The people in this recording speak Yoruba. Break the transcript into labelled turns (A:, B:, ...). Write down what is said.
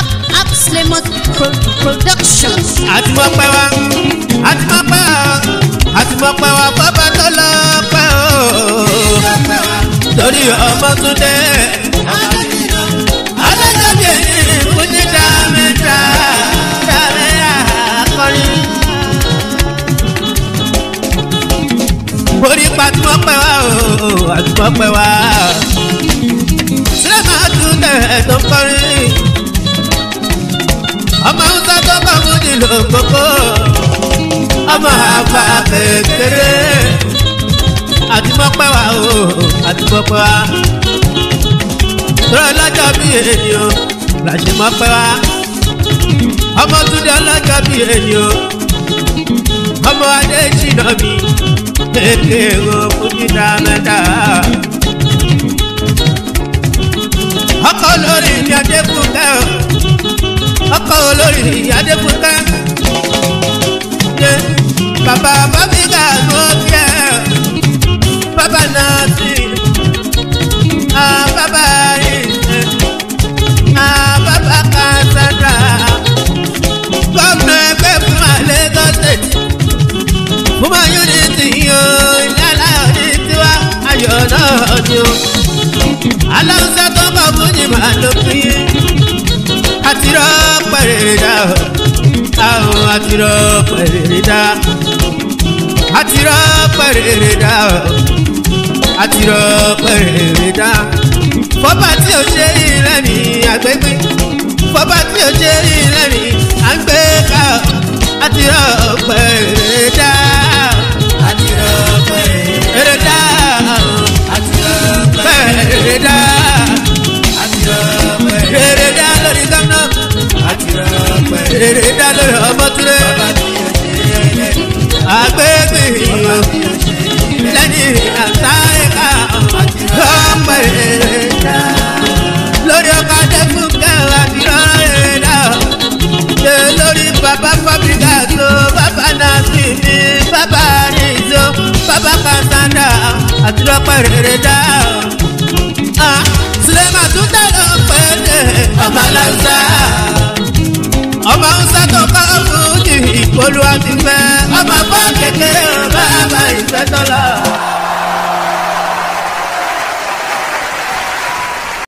A: app app slamot pro productions. àtúmọ̀pẹ́ wa àtúmọ̀pẹ́ wa àtúmọ̀pẹ́ wa bọ́bá tó lọ pẹ́ o. torí ọmọ tún dé. ọlọ́jọ́ bíi mo ní dámẹ́ta dámẹ́ta akọrin. orí wa o àtúmọ̀pẹ́ wa. sílẹ̀ máa tún tẹ̀ ẹ̀ tó lókòkò ọmọ àgbà kékeré àdìmọ́pẹ́ wa o àdìmọ́pẹ́ wa tọ́lá lọ́jọ́ bí ènìyàn làṣìmọ́pẹ́ wa ọmọ túndé lọ́jọ́ bí ènìyàn ọmọ adé ṣìnà mi kékeré o fún níta mẹ́ta. ọkọ̀ olórí ni adékúnkẹ́ ọkọ̀ olórí ni adékúnkẹ́. náà ni o aláwùsá tó bá mú ni màá ló fi àtirọ́ pẹ̀rẹ̀rẹ̀ dá o àwọn àtirọ́ pẹ̀rẹ̀rẹ̀ dá àtirọ́ pẹ̀rẹ̀rẹ̀ dá o tí o ṣe rí lẹ́rìn àgbẹ̀gbẹ̀ fọ́bà tí o ṣe rí lẹ́rìn. lórí ọmọ túlé agbègbè lẹ́yìn àtàríkà ọmọ èrè lórí ọkọ adéfúnkẹ́ àbírọ́ èrè ṣe lórí bàbá fábíkà tó bàbá náà sì ní bàbá àríjọ bàbá kàtàndà àti lọ́pẹ́ rere dá. Ah, Sulema tún dáná pẹ́ẹ́lẹ̀ ọmọ aláǹsá. olúwa ti fẹ́ ọmọ bọ́ kékeré ọba àbá ìfẹ́ tọ́lá.